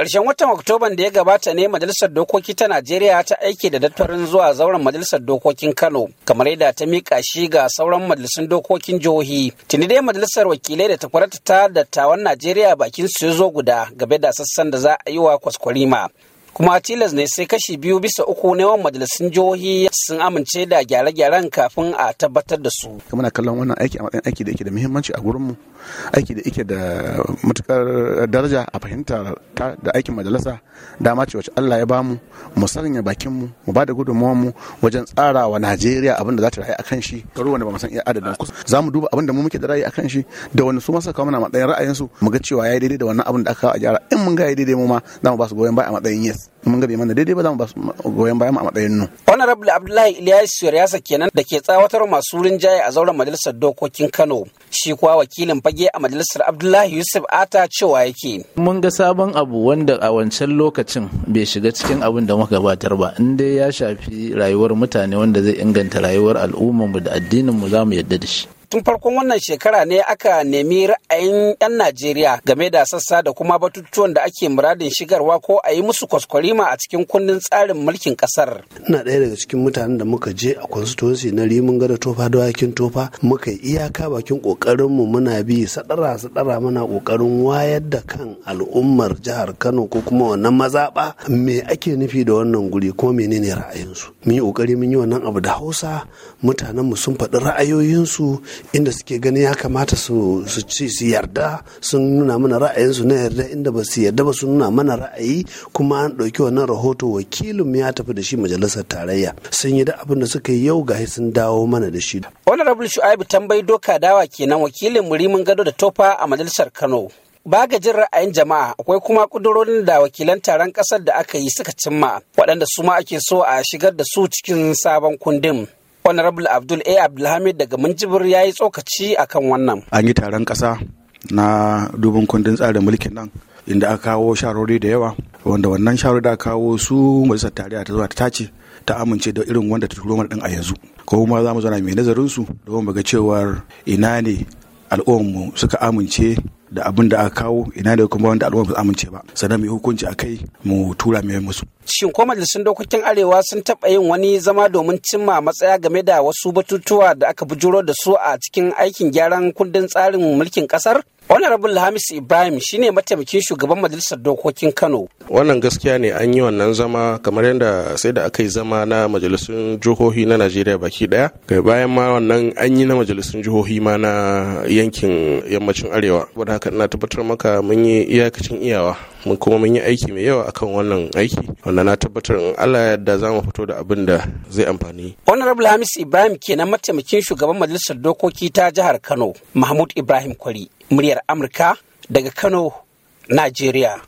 karshen watan oktoban da ya gabata ne majalisar dokoki ta najeriya ta aiki da dattarin zuwa zauren majalisar dokokin kano kamar yadda ta mika shi ga sauran majalisun dokokin jihohi tuni dai majalisar wakilai da takwarata ta dattawan najeriya bakin su zo guda gabe da sassan da za a yi wa kwaskwarima kuma tilas ne sai kashi biyu bisa uku na yawan majalisun jihohi sun amince da gyare-gyaren kafin a tabbatar da su. muna kallon wannan aiki a matsayin aiki da yake da muhimmanci a gurinmu aiki da yake da matukar daraja a fahimta ta da aikin majalisa dama ce wacce Allah ya bamu mu sanya bakin mu mu ba da gudunmawar mu wajen tsara wa Najeriya abin da za ta rayu kan shi garuwa wanda ba mu san iya adadin kusa za mu duba abin da mu muke da ra'ayi kan shi da wani su masa kawo mana matsayin ra'ayinsu mu ga cewa ya daidai da wannan abin da aka kawo a gyara in mun ga ya daidai mu ma za mu ba su goyon baya a matsayin yes mun ga bai mana daidai ba za mu ba goyon bayan mu a matsayin nu. Honorable Abdullahi Ilyas Shuryasa kenan da ke tsawatar masu rinjaye a zauren majalisar dokokin Kano. Shi kuwa wakilin fage a majalisar Abdullahi Yusuf Ata cewa yake. Mun ga sabon abu wanda a wancan lokacin bai shiga cikin abin da muka gabatar ba. In dai ya shafi rayuwar mutane wanda zai inganta rayuwar al'ummarmu da addininmu za mu yadda da shi. tun farkon wannan shekara ne aka nemi ra'ayin 'yan Najeriya game da sassa da kuma batutuwan da ake muradin shigarwa ko a yi musu kwaskwarima a cikin kundin tsarin mulkin kasar. Ina ɗaya daga cikin mutanen da muka je a constituency na Rimin Gada Tofa da Wakin Tofa muka yi iyaka bakin ƙoƙarinmu muna bi sadara sadara muna kokarin wayar da kan al'ummar jihar Kano ko kuma wannan mazaɓa me ake nufi da wannan guri kuma menene ra'ayinsu. Mun yi kokari mun yi wannan abu da Hausa mutanenmu sun faɗi ra'ayoyinsu inda suke gani ya kamata su ci su yarda sun nuna mana ra'ayinsu na yarda inda ba su yarda ba sun nuna mana ra'ayi kuma an ɗauki wannan rahoto wakilin ya tafi da shi majalisar tarayya sun yi da abin da suka yi yau ga gahi sun dawo mana da shi. honorable shu'aibu tambayi doka dawa kenan wakilin murimin gado da tofa a majalisar kano. bagajin ra'ayin jama'a akwai kuma kudurorin da wakilan taron kasar da aka yi suka cimma waɗanda su ma ake so a shigar da su cikin sabon kundin honorable abdul a abdulhamid daga minjibir ya yi tsokaci akan wannan an yi taron ƙasa na dubin kundin tsarin mulkin nan inda aka kawo sharori da yawa wanda wannan sharori da kawo su majalisar tarayya ta zuwa ta tace ta amince da irin wanda ta turo mana din a yanzu ko kuma za mu zauna mai nazarin su don mu ga cewar ina ne al'ummar mu suka amince da abin da aka kawo ina da kuma wanda al'umma ba amince ba sannan mu yi hukunci a kai mu tura mai musu. shin ko majalisun dokokin arewa sun taɓa yin wani zama domin cimma matsaya game da wasu batutuwa da aka bujuro da su a cikin aikin gyaran kundin tsarin mulkin ƙasar? honorable hamis ibrahim shi ne mataimakin shugaban majalisar dokokin kano wannan gaskiya ne an yi wannan zama kamar yadda sai da aka yi zama na majalisun jihohi na najeriya baki daya kai bayan ma wannan an yi na majalisun jihohi ma na yankin yammacin arewa wadda haka ina tabbatar maka mun yi iyakacin iyawa mun kuma mun yi aiki mai yawa akan wannan aiki wanda na tabbatar in Allah yadda za mu fito da abin da zai amfani. Honorable Hamis Ibrahim kenan mataimakin shugaban majalisar dokoki ta jihar Kano Mahmud Ibrahim Kwari muryar Amurka daga Kano Najeriya.